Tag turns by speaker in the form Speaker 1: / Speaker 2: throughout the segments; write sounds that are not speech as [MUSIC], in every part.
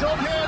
Speaker 1: It's up here.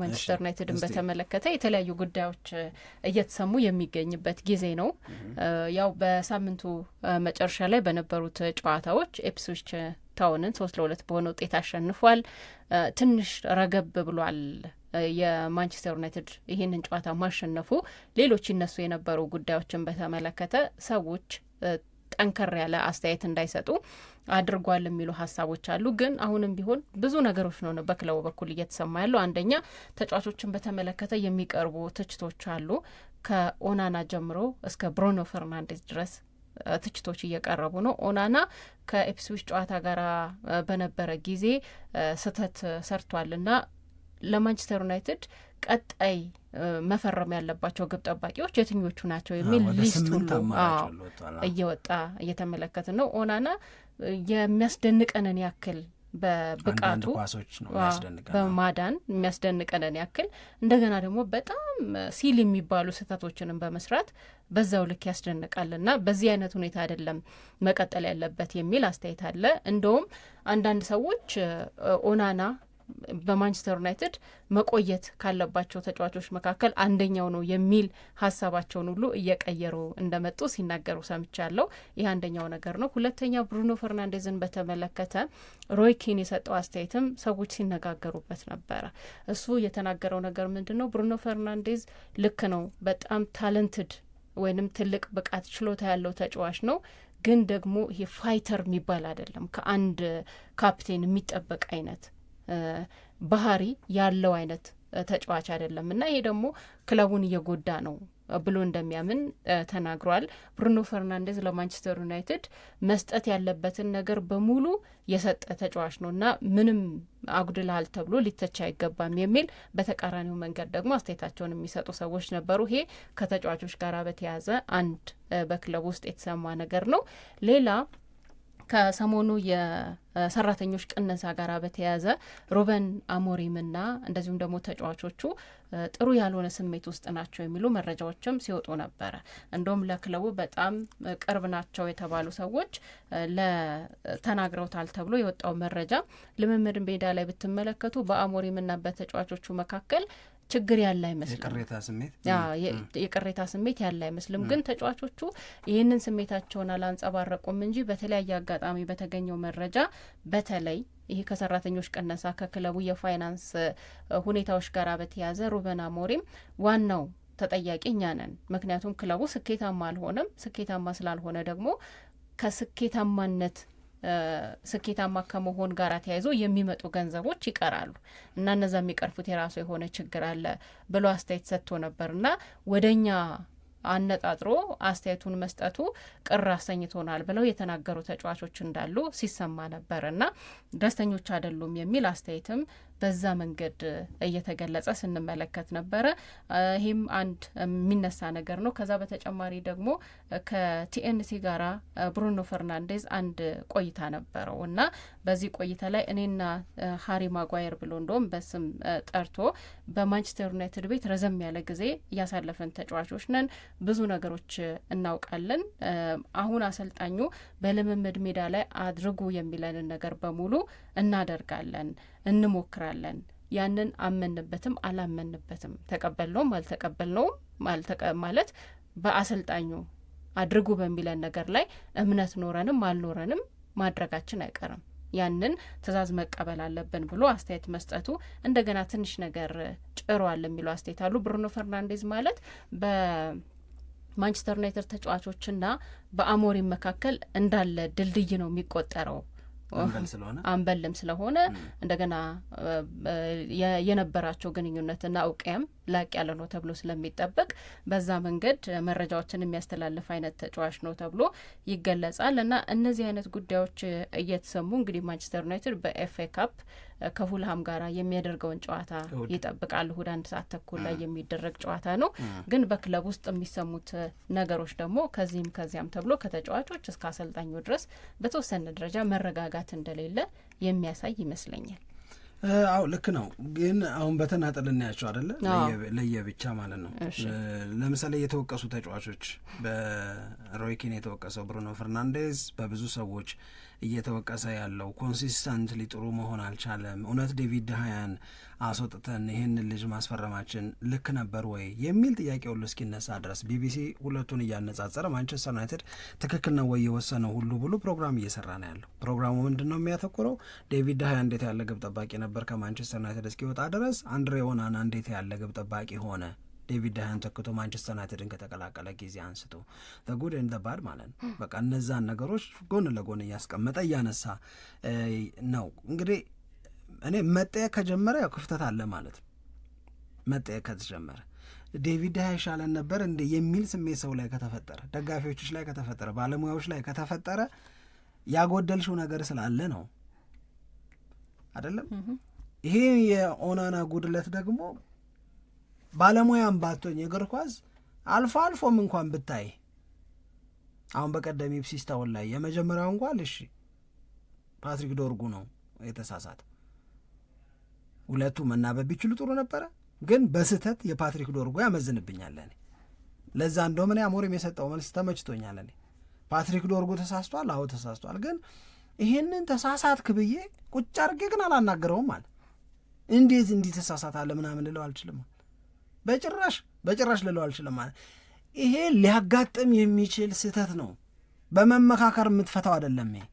Speaker 2: ማንቸስተር ዩናይትድን በተመለከተ የተለያዩ ጉዳዮች እየተሰሙ የሚገኝበት ጊዜ ነው። ያው በሳምንቱ መጨረሻ ላይ በነበሩት ጨዋታዎች ኤፕስዊች ታውንን ሶስት ለሁለት በሆነ ውጤት አሸንፏል። ትንሽ ረገብ ብሏል የማንቸስተር ዩናይትድ ይህንን ጨዋታ ማሸነፉ ሌሎች ይነሱ የነበሩ ጉዳዮችን በተመለከተ ሰዎች ጠንከር ያለ አስተያየት እንዳይሰጡ አድርጓል የሚሉ ሀሳቦች አሉ። ግን አሁንም ቢሆን ብዙ ነገሮች ነው በክለቡ በኩል እየተሰማ ያለው። አንደኛ ተጫዋቾችን በተመለከተ የሚቀርቡ ትችቶች አሉ። ከኦናና ጀምሮ እስከ ብሩኖ ፈርናንዴዝ ድረስ ትችቶች እየቀረቡ ነው። ኦናና ከኢፕስዊች ጨዋታ ጋር በነበረ ጊዜ ስህተት ሰርቷልና ለማንቸስተር ዩናይትድ ቀጣይ መፈረም ያለባቸው ግብ ጠባቂዎች የትኞቹ ናቸው
Speaker 3: የሚል ሊስት ሁሉ
Speaker 2: እየወጣ እየተመለከትን ነው። ኦናና የሚያስደንቀንን ያክል በብቃቱ በማዳን የሚያስደንቀንን ያክል እንደገና ደግሞ በጣም ሲል የሚባሉ ስህተቶችንም በመስራት በዛው ልክ ያስደንቃል እና በዚህ አይነት ሁኔታ አይደለም መቀጠል ያለበት የሚል አስተያየት አለ። እንደውም አንዳንድ ሰዎች ኦናና በማንቸስተር ዩናይትድ መቆየት ካለባቸው ተጫዋቾች መካከል አንደኛው ነው የሚል ሀሳባቸውን ሁሉ እየቀየሩ እንደመጡ ሲናገሩ ሰምቻለሁ። ይህ አንደኛው ነገር ነው። ሁለተኛ ብሩኖ ፈርናንዴዝን በተመለከተ ሮይ ኪን የሰጠው አስተያየትም ሰዎች ሲነጋገሩበት ነበረ። እሱ የተናገረው ነገር ምንድን ነው? ብሩኖ ፈርናንዴዝ ልክ ነው፣ በጣም ታለንትድ ወይንም ትልቅ ብቃት ችሎታ ያለው ተጫዋች ነው ግን ደግሞ ይሄ ፋይተር የሚባል አይደለም። ከአንድ ካፕቴን የሚጠበቅ አይነት ባህሪ ያለው አይነት ተጫዋች አይደለም እና ይሄ ደግሞ ክለቡን እየጎዳ ነው ብሎ እንደሚያምን ተናግሯል። ብሩኖ ፈርናንዴዝ ለማንቸስተር ዩናይትድ መስጠት ያለበትን ነገር በሙሉ የሰጠ ተጫዋች ነው እና ምንም አጉድልሃል ተብሎ ሊተች አይገባም የሚል በተቃራኒው መንገድ ደግሞ አስተያየታቸውን የሚሰጡ ሰዎች ነበሩ። ይሄ ከተጫዋቾች ጋር በተያያዘ አንድ በክለቡ ውስጥ የተሰማ ነገር ነው። ሌላ ከሰሞኑ የሰራተኞች ቅነሳ ጋር በተያያዘ ሩበን አሞሪምና እንደዚሁም ደግሞ ተጫዋቾቹ ጥሩ ያልሆነ ስሜት ውስጥ ናቸው የሚሉ መረጃዎችም ሲወጡ ነበረ። እንደውም ለክለቡ በጣም ቅርብ ናቸው የተባሉ ሰዎች ለተናግረውታል ተብሎ የወጣው መረጃ ልምምድ ሜዳ ላይ ብትመለከቱ በአሞሪምና በተጫዋቾቹ መካከል ችግር ያለ አይመስልም።
Speaker 3: የቅሬታ ስሜት
Speaker 2: የቅሬታ ስሜት ያለ አይመስልም። ግን ተጫዋቾቹ ይህንን ስሜታቸውን አላንጸባረቁም እንጂ በተለያየ አጋጣሚ በተገኘው መረጃ በተለይ ይህ ከሰራተኞች ቅነሳ ከክለቡ የፋይናንስ ሁኔታዎች ጋር በተያያዘ ሩበን አሞሪም ዋናው ተጠያቂ እኛ ነን። ምክንያቱም ክለቡ ስኬታማ አልሆነም። ስኬታማ ስላልሆነ ደግሞ ከስኬታማነት ስኬታማ ከመሆን ጋር ተያይዞ የሚመጡ ገንዘቦች ይቀራሉ እና እነዛ የሚቀርፉት የራሱ የሆነ ችግር አለ ብሎ አስተያየት ሰጥቶ ነበር እና ወደኛ አነጣጥሮ አስተያየቱን መስጠቱ ቅር አሰኝቶናል ብለው የተናገሩ ተጫዋቾች እንዳሉ ሲሰማ ነበር እና ደስተኞች አይደሉም የሚል አስተያየትም በዛ መንገድ እየተገለጸ ስንመለከት ነበረ። ይህም አንድ የሚነሳ ነገር ነው። ከዛ በተጨማሪ ደግሞ ከቲኤንሲ ጋራ ብሩኖ ፈርናንዴዝ አንድ ቆይታ ነበረው እና በዚህ ቆይታ ላይ እኔና ሀሪ ማጓየር ብሎ እንደውም በስም ጠርቶ በማንቸስተር ዩናይትድ ቤት ረዘም ያለ ጊዜ እያሳለፍን ተጫዋቾች ነን፣ ብዙ ነገሮች እናውቃለን። አሁን አሰልጣኙ በልምምድ ሜዳ ላይ አድርጉ የሚለንን ነገር በሙሉ እናደርጋለን፣ እንሞክራለን። ያንን አመንበትም አላመንበትም ተቀበልነውም አልተቀበልነውም ማለት በአሰልጣኙ አድርጉ በሚለን ነገር ላይ እምነት ኖረንም አልኖረንም ማድረጋችን አይቀርም። ያንን ትዕዛዝ መቀበል አለብን ብሎ አስተያየት መስጠቱ እንደገና ትንሽ ነገር ጭሯል የሚለው አስተያየት አሉ። ብሩኖ ፈርናንዴዝ ማለት በማንቸስተር ዩናይትድ ተጫዋቾችና በአሞሪም መካከል እንዳለ ድልድይ ነው የሚቆጠረው አንበልም ስለሆነ እንደገና የነበራቸው ግንኙነትና እውቅያም ላቅ ያለ ነው ተብሎ ስለሚጠበቅ በዛ መንገድ መረጃዎችን የሚያስተላልፍ አይነት ተጫዋች ነው ተብሎ ይገለጻል እና እነዚህ አይነት ጉዳዮች እየተሰሙ እንግዲህ ማንቸስተር ዩናይትድ በኤፍኤ ካፕ ከፉልሃም ጋር የሚያደርገውን ጨዋታ ይጠብቃል። እሁድ አንድ ሰዓት ተኩል ላይ የሚደረግ ጨዋታ ነው። ግን በክለብ ውስጥ የሚሰሙት ነገሮች ደግሞ ከዚህም ከዚያም ተብሎ ከተጫዋቾች እስከ አሰልጣኙ ድረስ በተወሰነ ደረጃ መረጋጋት እንደሌለ የሚያሳይ ይመስለኛል።
Speaker 3: አው ልክ ነው። ግን አሁን በተናጠል እናያቸው አደለ፣ ለየብቻ ማለት ነው። ለምሳሌ የተወቀሱ ተጫዋቾች በሮይኪን የተወቀሰው ብሩኖ ፈርናንዴዝ በብዙ ሰዎች እየተወቀሰ ያለው ኮንሲስተንትሊ ጥሩ መሆን አልቻለም። እውነት ዴቪድ ድሃያን አስወጥተን ይህንን ልጅ ማስፈረማችን ልክ ነበር ወይ የሚል ጥያቄ ሁሉ እስኪነሳ ድረስ ቢቢሲ ሁለቱን እያነጻጸረ ማንቸስተር ዩናይትድ ትክክል ነው ወይ የወሰነው ሁሉ ብሎ ፕሮግራም እየሰራ ነው ያለው። ፕሮግራሙ ምንድን ነው የሚያተኩረው? ዴቪድ ድሃያ እንዴት ያለ ግብ ጠባቂ ነበር ከማንቸስተር ዩናይትድ እስኪወጣ ድረስ፣ አንድሬ ኦናና እንዴት ያለ ግብ ጠባቂ ሆነ ዴቪድ ደህን ተክቶ ማንቸስተር ዩናይትድን ከተቀላቀለ ጊዜ አንስቶ ጉድ ኤንድ ባድ ማለት ነው። hmm. በቃ እነዛን ነገሮች ጎን ለጎን እያስቀመጠ እያነሳ ነው። እንግዲህ እኔ መጠየቅ ከጀመረ ያው ክፍተት አለ ማለት ነው። መጠየቅ ከተጀመረ ዴቪድ ደሃ ይሻለን ነበር እንደ የሚል ስሜት ሰው ላይ ከተፈጠረ፣ ደጋፊዎች ላይ ከተፈጠረ፣ ባለሙያዎች ላይ ከተፈጠረ ያጎደልሽው ነገር ስላለ ነው አይደለም። ይሄ የኦናና ጉድለት ደግሞ ባለሙያም ባትሆኝ እግር ኳስ አልፎ አልፎም እንኳን ብታይ አሁን በቀደም ኢፕሲስታውን ላይ የመጀመሪያው ጓል እሺ ፓትሪክ ዶርጉ ነው የተሳሳተ። ሁለቱ መናበብ ቢችሉ ጥሩ ነበረ፣ ግን በስህተት የፓትሪክ ዶርጉ ያመዝንብኛል። እኔ ለዛ እንደውም እኔ አሞሪም የሰጠው መልስ ተመችቶኛል። እኔ ፓትሪክ ዶርጉ ተሳስቷል፣ አሁ ተሳስቷል፣ ግን ይሄንን ተሳሳትክ ብዬ ቁጭ አድርጌ ግን አላናገረውም አለ። እንዴት እንዲህ ተሳሳት አለ ምናምን ልለው አልችልም። በጭራሽ በጭራሽ ልለው አልችልም። ማለት ይሄ ሊያጋጥም የሚችል ስህተት ነው። በመመካከር የምትፈታው አይደለም። ይሄ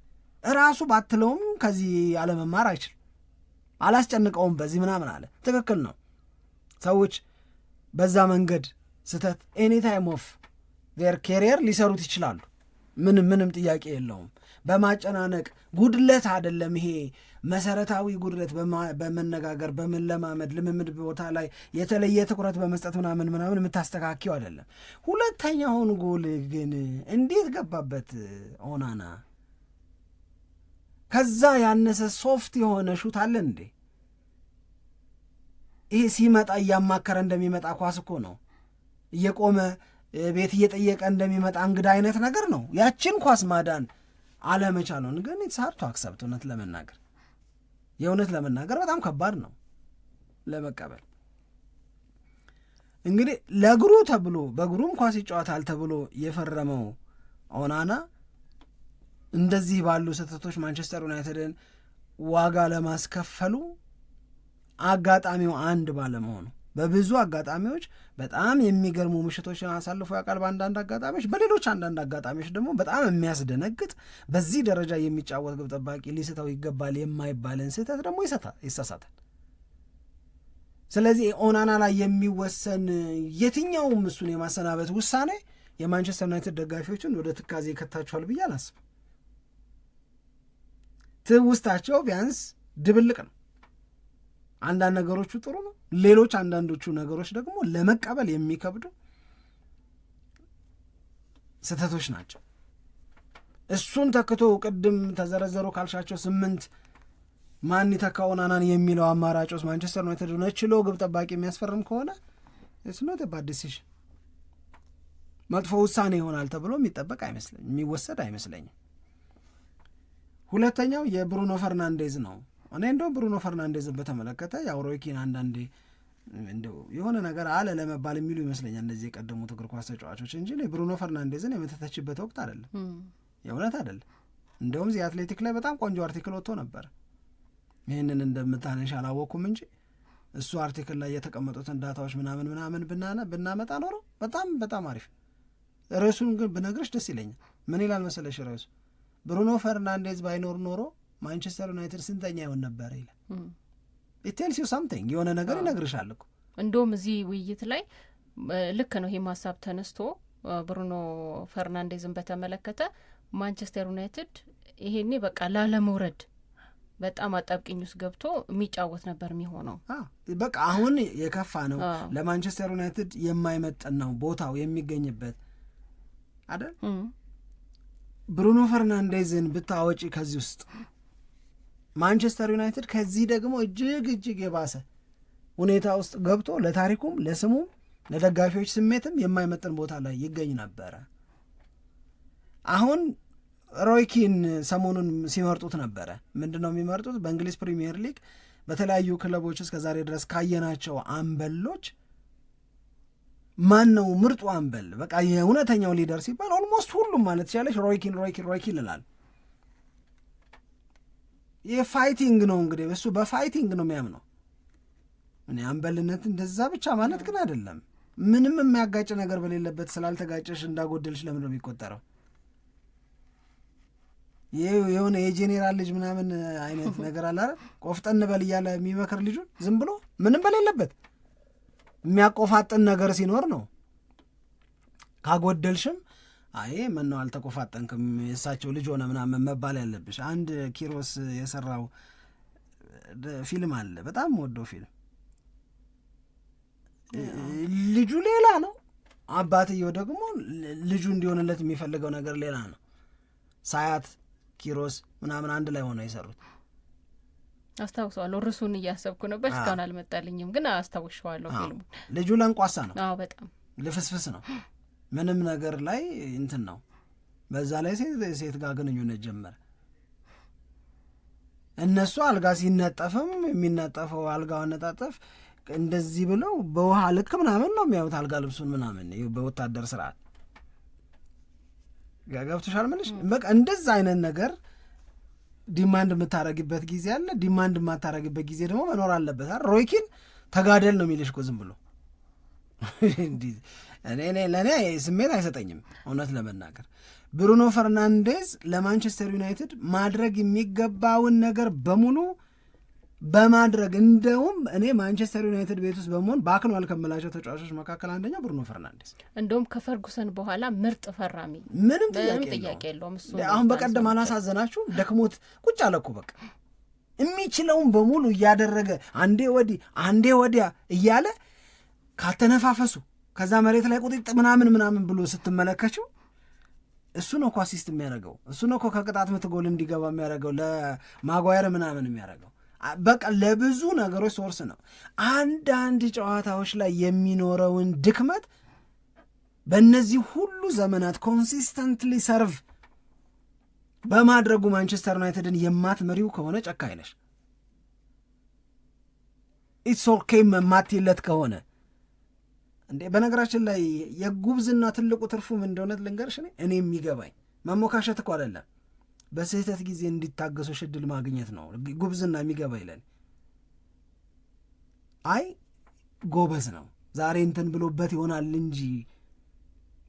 Speaker 3: እራሱ ባትለውም ከዚህ አለመማር አይችልም። አላስጨንቀውም በዚህ ምናምን አለ። ትክክል ነው። ሰዎች በዛ መንገድ ስህተት ኤኒታይም ኦፍ ዜር ኬሪየር ሊሰሩት ይችላሉ። ምንም ምንም ጥያቄ የለውም። በማጨናነቅ ጉድለት አይደለም ይሄ መሰረታዊ ጉድለት በመነጋገር በመለማመድ ልምምድ ቦታ ላይ የተለየ ትኩረት በመስጠት ምናምን ምናምን የምታስተካኪው አይደለም። ሁለተኛውን ጎል ግን እንዴት ገባበት ኦናና? ከዛ ያነሰ ሶፍት የሆነ ሹት አለ እንዴ? ይሄ ሲመጣ እያማከረ እንደሚመጣ ኳስ እኮ ነው። እየቆመ ቤት እየጠየቀ እንደሚመጣ እንግዳ አይነት ነገር ነው። ያችን ኳስ ማዳን አለመቻሉን ግን ሳርቶ አክሰብት እውነት ለመናገር የእውነት ለመናገር በጣም ከባድ ነው ለመቀበል። እንግዲህ ለእግሩ ተብሎ በእግሩም ኳስ ይጫወታል ተብሎ የፈረመው ኦናና እንደዚህ ባሉ ስህተቶች ማንቸስተር ዩናይትድን ዋጋ ለማስከፈሉ አጋጣሚው አንድ ባለመሆኑ በብዙ አጋጣሚዎች በጣም የሚገርሙ ምሽቶችን አሳልፎ ያውቃል በአንዳንድ አጋጣሚዎች፣ በሌሎች አንዳንድ አጋጣሚዎች ደግሞ በጣም የሚያስደነግጥ በዚህ ደረጃ የሚጫወት ግብ ጠባቂ ሊስተው ይገባል የማይባልን ስህተት ደግሞ ይሳሳታል። ስለዚህ ኦናና ላይ የሚወሰን የትኛውም እሱን የማሰናበት ውሳኔ የማንቸስተር ዩናይትድ ደጋፊዎችን ወደ ትካዜ ይከታችኋል ብዬ አላስብም። ትውስታቸው ቢያንስ ድብልቅ ነው። አንዳንድ ነገሮቹ ጥሩ ነው፣ ሌሎች አንዳንዶቹ ነገሮች ደግሞ ለመቀበል የሚከብዱ ስህተቶች ናቸው። እሱን ተክቶ ቅድም ተዘረዘሩ ካልሻቸው ስምንት ማን ይተካውን አናን የሚለው አማራጭ ውስጥ ማንቸስተር ዩናይትድ ሆነ ችሎ ግብ ጠባቂ የሚያስፈርም ከሆነ ስኖት ባድ ዲሲዥን መጥፎ ውሳኔ ይሆናል ተብሎ የሚጠበቅ አይመስለኝም፣ የሚወሰድ አይመስለኝም። ሁለተኛው የብሩኖ ፈርናንዴዝ ነው። እኔ እንደውም ብሩኖ ፈርናንዴዝን በተመለከተ ያው ሮይ ኪን አንዳንዴ እንደው የሆነ ነገር አለ ለመባል የሚሉ ይመስለኛል እነዚህ የቀደሙት እግር ኳስ ተጫዋቾች እንጂ ብሩኖ ፈርናንዴዝን የመተተችበት ወቅት አይደለም፣ የእውነት አይደለም። እንደውም እዚህ አትሌቲክ ላይ በጣም ቆንጆ አርቲክል ወጥቶ ነበር። ይህንን እንደምታነሽ አላወቅኩም እንጂ እሱ አርቲክል ላይ የተቀመጡትን ዳታዎች ምናምን ምናምን ብናመጣ ኖሮ በጣም በጣም አሪፍ። ርዕሱን ግን ብነግርሽ ደስ ይለኛል። ምን ይላል መሰለሽ ርዕሱ ብሩኖ ፈርናንዴዝ ባይኖር ኖሮ ማንቸስተር ዩናይትድ ስንተኛ ይሆን ነበረ ይላል። ቴልስ ዩ ሳምቲንግ የሆነ ነገር ይነግርሻል እኮ።
Speaker 2: እንዲሁም እዚህ ውይይት ላይ ልክ ነው ይሄ ሀሳብ ተነስቶ ብሩኖ ፈርናንዴዝን በተመለከተ ማንቸስተር ዩናይትድ ይሄኔ በቃ ላለመውረድ በጣም አጣብቂኝ ውስጥ ገብቶ የሚጫወት ነበር የሚሆነው።
Speaker 3: በቃ አሁን የከፋ ነው ለማንቸስተር ዩናይትድ የማይመጥን ነው ቦታው የሚገኝበት አይደል። ብሩኖ ፈርናንዴዝን ብታወጪ ከዚህ ውስጥ ማንቸስተር ዩናይትድ ከዚህ ደግሞ እጅግ እጅግ የባሰ ሁኔታ ውስጥ ገብቶ ለታሪኩም ለስሙም ለደጋፊዎች ስሜትም የማይመጥን ቦታ ላይ ይገኝ ነበረ። አሁን ሮይኪን ሰሞኑን ሲመርጡት ነበረ። ምንድን ነው የሚመርጡት? በእንግሊዝ ፕሪሚየር ሊግ በተለያዩ ክለቦች እስከ ዛሬ ድረስ ካየናቸው አንበሎች ማን ነው ምርጡ አንበል? በቃ የእውነተኛው ሊደር ሲባል ኦልሞስት ሁሉም ማለት ይቻለች ሮይኪን ሮይኪን ሮይኪን ይላል። የፋይቲንግ ነው እንግዲህ እሱ በፋይቲንግ ነው የሚያምነው። እኔ አንበልነት እንደዛ ብቻ ማለት ግን አይደለም። ምንም የሚያጋጭ ነገር በሌለበት ስላልተጋጨሽ እንዳጎደልሽ ለምን ነው የሚቆጠረው? የሆነ የጄኔራል ልጅ ምናምን አይነት ነገር አለ ቆፍጠን በል እያለ የሚመክር ልጁን ዝም ብሎ ምንም በሌለበት የሚያቆፋጥን ነገር ሲኖር ነው ካጎደልሽም አይ ምነው አልተቆፋጠንክም የእሳቸው ልጅ ሆነ ምናምን መባል ያለብሽ። አንድ ኪሮስ የሰራው ፊልም አለ በጣም ወደው ፊልም ልጁ ሌላ ነው፣ አባትየው ደግሞ ልጁ እንዲሆንለት የሚፈልገው ነገር ሌላ ነው። ሳያት ኪሮስ ምናምን አንድ ላይ ሆነው የሰሩት
Speaker 2: አስታውሰዋለሁ። ርሱን እያሰብኩ ነበር፣ እስካሁን አልመጣልኝም፣ ግን አስታውሸዋለሁ። ፊልሙ
Speaker 3: ልጁ ለንቋሳ ነው፣ በጣም ልፍስፍስ ነው። [GASPS] ምንም ነገር ላይ እንትን ነው። በዛ ላይ ሴት ጋር ግንኙነት ጀመረ። እነሱ አልጋ ሲነጠፍም የሚነጠፈው አልጋ አነጣጠፍ እንደዚህ ብለው በውሃ ልክ ምናምን ነው የሚያዩት አልጋ ልብሱን ምናምን በወታደር ስርዓት ገብቶሻል። ምንሽ በቃ እንደዛ አይነት ነገር ዲማንድ የምታረጊበት ጊዜ አለ፣ ዲማንድ የማታረጊበት ጊዜ ደግሞ መኖር አለበት። ሮይኪን ተጋደል ነው የሚልሽ እኮ ዝም ብሎ [LAUGHS] ለእኔ ስሜት አይሰጠኝም። እውነት ለመናገር ብሩኖ ፈርናንዴዝ ለማንቸስተር ዩናይትድ ማድረግ የሚገባውን ነገር በሙሉ በማድረግ እንደውም እኔ ማንቸስተር ዩናይትድ ቤት ውስጥ በመሆን ባክኗል ከምላቸው ተጫዋቾች መካከል አንደኛው ብሩኖ ፈርናንዴስ
Speaker 2: እንደውም ከፈርጉሰን በኋላ ምርጥ ፈራሚ
Speaker 3: ምንም ጥያቄ የለውም። አሁን በቀደም አላሳዘናችሁ ደክሞት ቁጭ አለኩ በቃ የሚችለውን በሙሉ እያደረገ አንዴ ወዲህ አንዴ ወዲያ እያለ ካተነፋፈሱ ከዛ መሬት ላይ ቁጥጥ ምናምን ምናምን ብሎ ስትመለከችው እሱ ነው እኮ አሲስት የሚያደርገው እሱ ነው እኮ ከቅጣት ምት ጎል እንዲገባ የሚያደርገው ለማጓየር ምናምን የሚያደርገው በቃ ለብዙ ነገሮች ሶርስ ነው። አንዳንድ ጨዋታዎች ላይ የሚኖረውን ድክመት በእነዚህ ሁሉ ዘመናት ኮንሲስተንትሊ ሰርቭ በማድረጉ ማንቸስተር ዩናይትድን የማትመሪው ከሆነ ጨካኝ ነሽ። ኢትስ ኦኬ ማትለት ከሆነ እንዴ በነገራችን ላይ የጉብዝና ትልቁ ትርፉ ምን እንደሆነ ልንገርሽ፣ እኔ የሚገባኝ መሞካሸት እኮ አይደለም፣ በስህተት ጊዜ እንዲታገሱ እድል ማግኘት ነው ጉብዝና የሚገባ ይለን። አይ ጎበዝ ነው ዛሬ እንትን ብሎበት ይሆናል እንጂ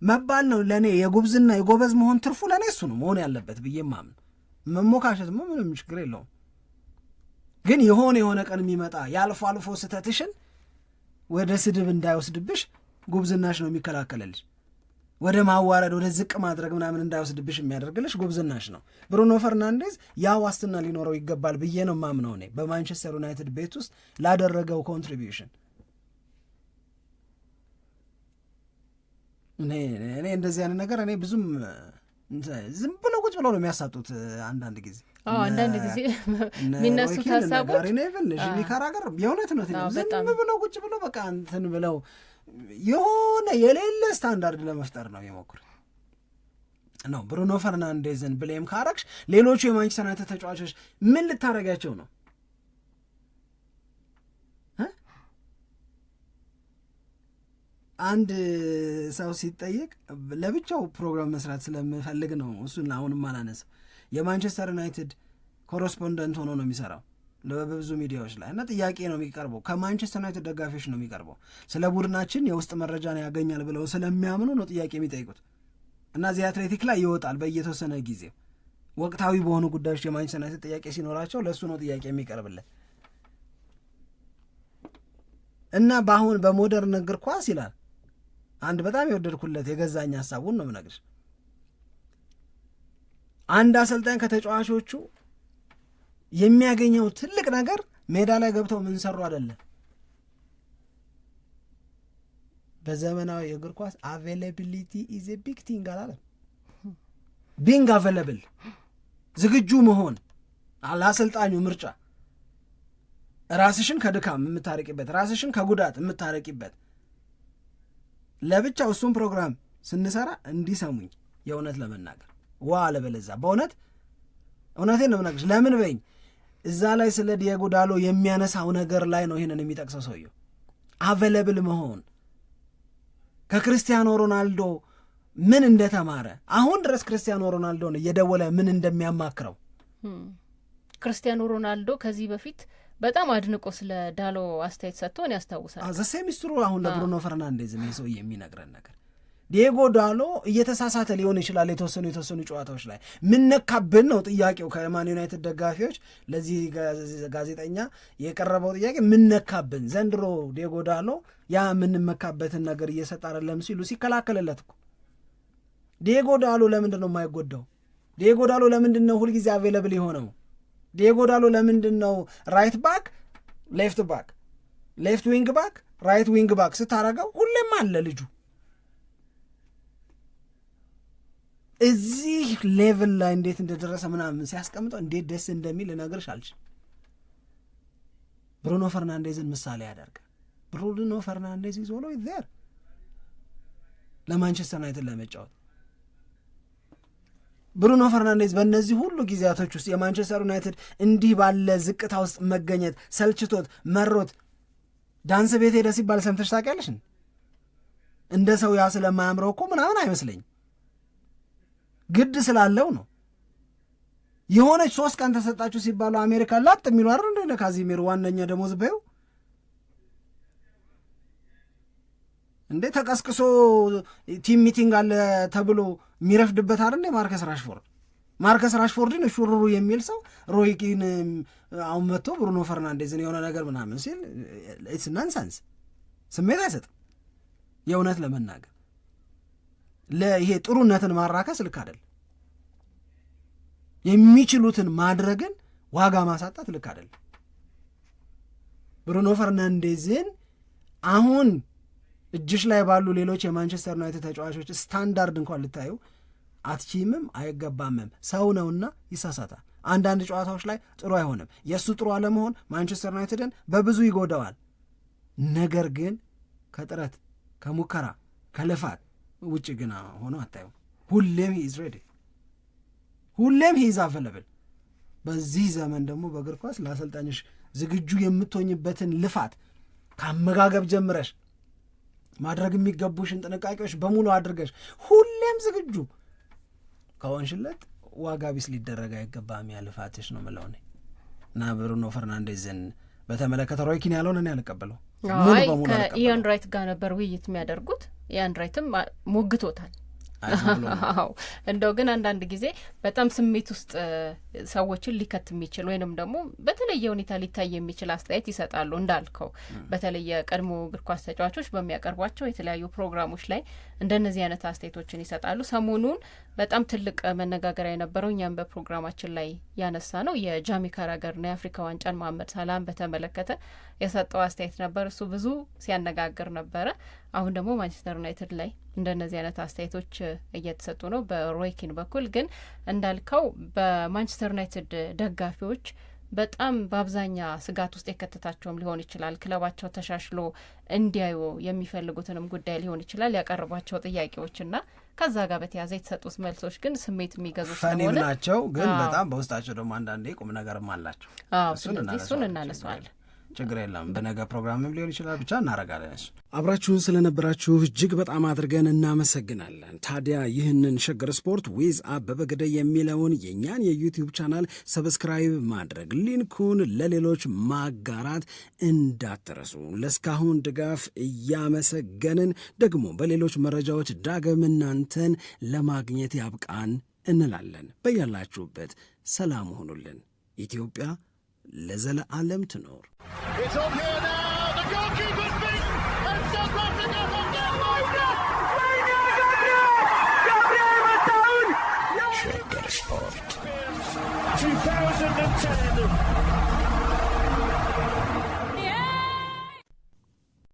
Speaker 3: መባል ነው ለእኔ የጉብዝና የጎበዝ መሆን ትርፉ ለእኔ እሱ ነው መሆን ያለበት ብዬ ማምን። መሞካሸት ምንም ችግር የለውም፣ ግን የሆነ የሆነ ቀን የሚመጣ የአልፎ አልፎ ስህተትሽን ወደ ስድብ እንዳይወስድብሽ ጉብዝናሽ ነው የሚከላከልልሽ። ወደ ማዋረድ፣ ወደ ዝቅ ማድረግ ምናምን እንዳይወስድብሽ የሚያደርግልሽ ጉብዝናሽ ነው። ብሩኖ ፈርናንዴዝ ያ ዋስትና ሊኖረው ይገባል ብዬ ነው ማምነው እኔ በማንቸስተር ዩናይትድ ቤት ውስጥ ላደረገው ኮንትሪቢዩሽን እኔ እንደዚህ አይነት ነገር እኔ ብዙም ዝም ብሎ ቁጭ ብለው ነው የሚያሳጡት አንዳንድ ጊዜ
Speaker 2: አንዳንድ ጊዜ [LAUGHS] የሚነሱት ሀሳቦች
Speaker 3: ቪካራ ጋር የእውነት ነው። ዝም ብለው ቁጭ ብለው በቃ እንትን ብለው የሆነ የሌለ ስታንዳርድ ለመፍጠር ነው የሞክሩት ነው። ብሩኖ ፈርናንዴዝን ብሌም ካረግሽ ሌሎቹ የማንቸስተር ዩናይትድ ተጫዋቾች ምን ልታረጋቸው ነው? አንድ ሰው ሲጠየቅ ለብቻው ፕሮግራም መስራት ስለምፈልግ ነው እሱን አሁንም አላነሳም የማንቸስተር ዩናይትድ ኮረስፖንደንት ሆኖ ነው የሚሰራው በብዙ ሚዲያዎች ላይ እና ጥያቄ ነው የሚቀርበው ከማንቸስተር ዩናይትድ ደጋፊዎች ነው የሚቀርበው። ስለ ቡድናችን የውስጥ ነው ያገኛል ብለው ስለሚያምኑ ነው ጥያቄ የሚጠይቁት እና እዚህ አትሌቲክ ላይ ይወጣል በየተወሰነ ጊዜው ወቅታዊ በሆኑ ጉዳዮች የማንቸስተር ዩናይትድ ጥያቄ ሲኖራቸው ለእሱ ነው ጥያቄ የሚቀርብለት እና በአሁን በሞደርን እግር ኳስ ይላል አንድ በጣም የወደድኩለት የገዛኝ ሀሳቡን ነው የምነግርሽ አንድ አሰልጣኝ ከተጫዋቾቹ የሚያገኘው ትልቅ ነገር ሜዳ ላይ ገብተው ምን ሰሩ አይደለም። በዘመናዊ እግር ኳስ አቬላቢሊቲ ኢዝ ቢግ ቲንግ አላለም። ቢንግ አቬላብል ዝግጁ መሆን ለአሰልጣኙ ምርጫ፣ ራስሽን ከድካም የምታረቂበት፣ ራስሽን ከጉዳት የምታረቂበት ለብቻ እሱን ፕሮግራም ስንሰራ እንዲሰሙኝ የእውነት ለመናገር ዋ አለበለዛ በእውነት እውነቴ ነው የምነግርሽ። ለምን በይኝ እዛ ላይ ስለ ዲየጎ ዳሎ የሚያነሳው ነገር ላይ ነው ይህንን የሚጠቅሰው ሰውየው። አቬለብል መሆን ከክርስቲያኖ ሮናልዶ ምን እንደተማረ አሁን ድረስ ክርስቲያኖ ሮናልዶን እየደወለ ምን እንደሚያማክረው
Speaker 2: ክርስቲያኖ ሮናልዶ ከዚህ በፊት በጣም አድንቆ ስለ ዳሎ አስተያየት ሰጥቶ ያስታውሳል
Speaker 3: ዘሴ ሚስትሩ አሁን ለብሩኖ ፈርናንዴዝ ሰው የሚነግረን ነገር ዲየጎ ዳሎ እየተሳሳተ ሊሆን ይችላል። የተወሰኑ የተወሰኑ ጨዋታዎች ላይ ምነካብን ነው ጥያቄው። ከማን ዩናይትድ ደጋፊዎች ለዚህ ጋዜጠኛ የቀረበው ጥያቄ ምነካብን፣ ዘንድሮ ዲየጎ ዳሎ ያ የምንመካበትን ነገር እየሰጠ አይደለም ሲሉ ሲከላከልለት እኮ ዲየጎ ዳሎ ለምንድን ነው የማይጎዳው? ዲየጎ ዳሎ ለምንድን ነው ሁልጊዜ አቬለብል የሆነው? ዲየጎ ዳሎ ለምንድን ነው ራይት ባክ፣ ሌፍት ባክ፣ ሌፍት ዊንግ ባክ፣ ራይት ዊንግ ባክ ስታረገው ሁሌም አለ ልጁ እዚህ ሌቭል ላይ እንዴት እንደደረሰ ምናምን ሲያስቀምጠው እንዴት ደስ እንደሚል ልነግርሽ አልችል። ብሩኖ ፈርናንዴዝን ምሳሌ ያደርገ ብሩኖ ፈርናንዴዝ ይዞ ነው ይዘር ለማንቸስተር ዩናይትድ ለመጫወት ብሩኖ ፈርናንዴዝ በእነዚህ ሁሉ ጊዜያቶች ውስጥ የማንቸስተር ዩናይትድ እንዲህ ባለ ዝቅታ ውስጥ መገኘት ሰልችቶት መሮት ዳንስ ቤት ሄደ ሲባል ሰምተሽ ታውቂያለሽ? እንደ ሰው ያ ስለማያምረው እኮ ምናምን አይመስለኝም። ግድ ስላለው ነው። የሆነች ሶስት ቀን ተሰጣችሁ ሲባሉ አሜሪካ ላጥ የሚሉ አር እንደሆነ ካዚሚር ዋነኛ ደሞዝ በይው እንዴ ተቀስቅሶ ቲም ሚቲንግ አለ ተብሎ የሚረፍድበት አር እንዴ ማርከስ ራሽፎርድ ማርከስ ራሽፎርድን ሹሩሩ የሚል ሰው ሮይኪን አሁን መጥቶ ብሩኖ ፈርናንዴዝን የሆነ ነገር ምናምን ሲል ኢትስ ናንሳንስ ስሜት አይሰጥም የእውነት ለመናገር ይሄ ጥሩነትን ማራከስ ልክ አደለም። የሚችሉትን ማድረግን ዋጋ ማሳጣት ልክ አደለም። ብሩኖ ፈርናንዴዝን አሁን እጅሽ ላይ ባሉ ሌሎች የማንቸስተር ዩናይትድ ተጫዋቾች ስታንዳርድ እንኳን ልታዩ አትችምም፣ አይገባምም። ሰው ነውና ይሳሳታል። አንዳንድ ጨዋታዎች ላይ ጥሩ አይሆንም። የእሱ ጥሩ አለመሆን ማንቸስተር ዩናይትድን በብዙ ይጎዳዋል። ነገር ግን ከጥረት ከሙከራ ከልፋት ውጭ ግና ሆኖ አታየውም። ሁሌም ሂዝ ሬዲ፣ ሁሌም ሂዝ አቨለብል። በዚህ ዘመን ደግሞ በእግር ኳስ ለአሰልጣኞች ዝግጁ የምትሆኝበትን ልፋት ከአመጋገብ ጀምረሽ ማድረግ የሚገቡሽን ጥንቃቄዎች በሙሉ አድርገሽ ሁሌም ዝግጁ ከሆንሽለት ዋጋ ቢስ ሊደረግ አይገባም። ያልፋትሽ ነው የምለው እኔ እና ብሩኖ ፈርናንዴዝን በተመለከተ ሮይኪን ያለውን እኔ አልቀበለው።
Speaker 2: ሙሉ በሙሉ ይሄን ራይት ጋር ነበር ውይይት የሚያደርጉት የአንድራይትም ሞግቶታል እንደው ግን አንዳንድ ጊዜ በጣም ስሜት ውስጥ ሰዎችን ሊከት የሚችል ወይንም ደግሞ በተለየ ሁኔታ ሊታይ የሚችል አስተያየት ይሰጣሉ። እንዳልከው በተለየ ቀድሞ እግር ኳስ ተጫዋቾች በሚያቀርቧቸው የተለያዩ ፕሮግራሞች ላይ እንደነዚህ አይነት አስተያየቶችን ይሰጣሉ። ሰሞኑን በጣም ትልቅ መነጋገሪያ የነበረው እኛም በፕሮግራማችን ላይ ያነሳ ነው የጃሚ ካራገርና የአፍሪካ ዋንጫን መሀመድ ሳላህን በተመለከተ የሰጠው አስተያየት ነበር። እሱ ብዙ ሲያነጋግር ነበረ። አሁን ደግሞ ማንቸስተር ዩናይትድ ላይ እንደነዚህ አይነት አስተያየቶች እየተሰጡ ነው። በሮይኪን በኩል ግን እንዳልከው በማንቸስተር ዩናይትድ ደጋፊዎች በጣም በአብዛኛ ስጋት ውስጥ የከተታቸውም ሊሆን ይችላል። ክለባቸው ተሻሽሎ እንዲያዩ የሚፈልጉትንም ጉዳይ ሊሆን ይችላል ያቀረቧቸው ጥያቄዎችና ከዛ ጋር በተያዘ የተሰጡት መልሶች ግን ስሜት የሚገዙ ስለሆነ
Speaker 3: ናቸው። ግን በጣም በውስጣቸው ደግሞ አንዳንዴ ቁም ነገርም አላቸው።
Speaker 2: እሱን እናነሷል።
Speaker 3: ችግር የለም። በነገ ፕሮግራምም ሊሆን ይችላል። ብቻ እናረጋለን። እሱ
Speaker 1: አብራችሁን ስለነበራችሁ እጅግ በጣም አድርገን እናመሰግናለን። ታዲያ ይህንን ሸገር ስፖርት ዊዝ አበበ ገደ የሚለውን የእኛን የዩቲዩብ ቻናል ሰብስክራይብ ማድረግ፣ ሊንኩን ለሌሎች ማጋራት እንዳትረሱ። ለእስካሁን ድጋፍ እያመሰገንን ደግሞ በሌሎች መረጃዎች ዳግም እናንተን ለማግኘት ያብቃን እንላለን። በያላችሁበት ሰላም ሆኑልን። ኢትዮጵያ ለዘለዓለም ትኖር። ሸገር ስፖርት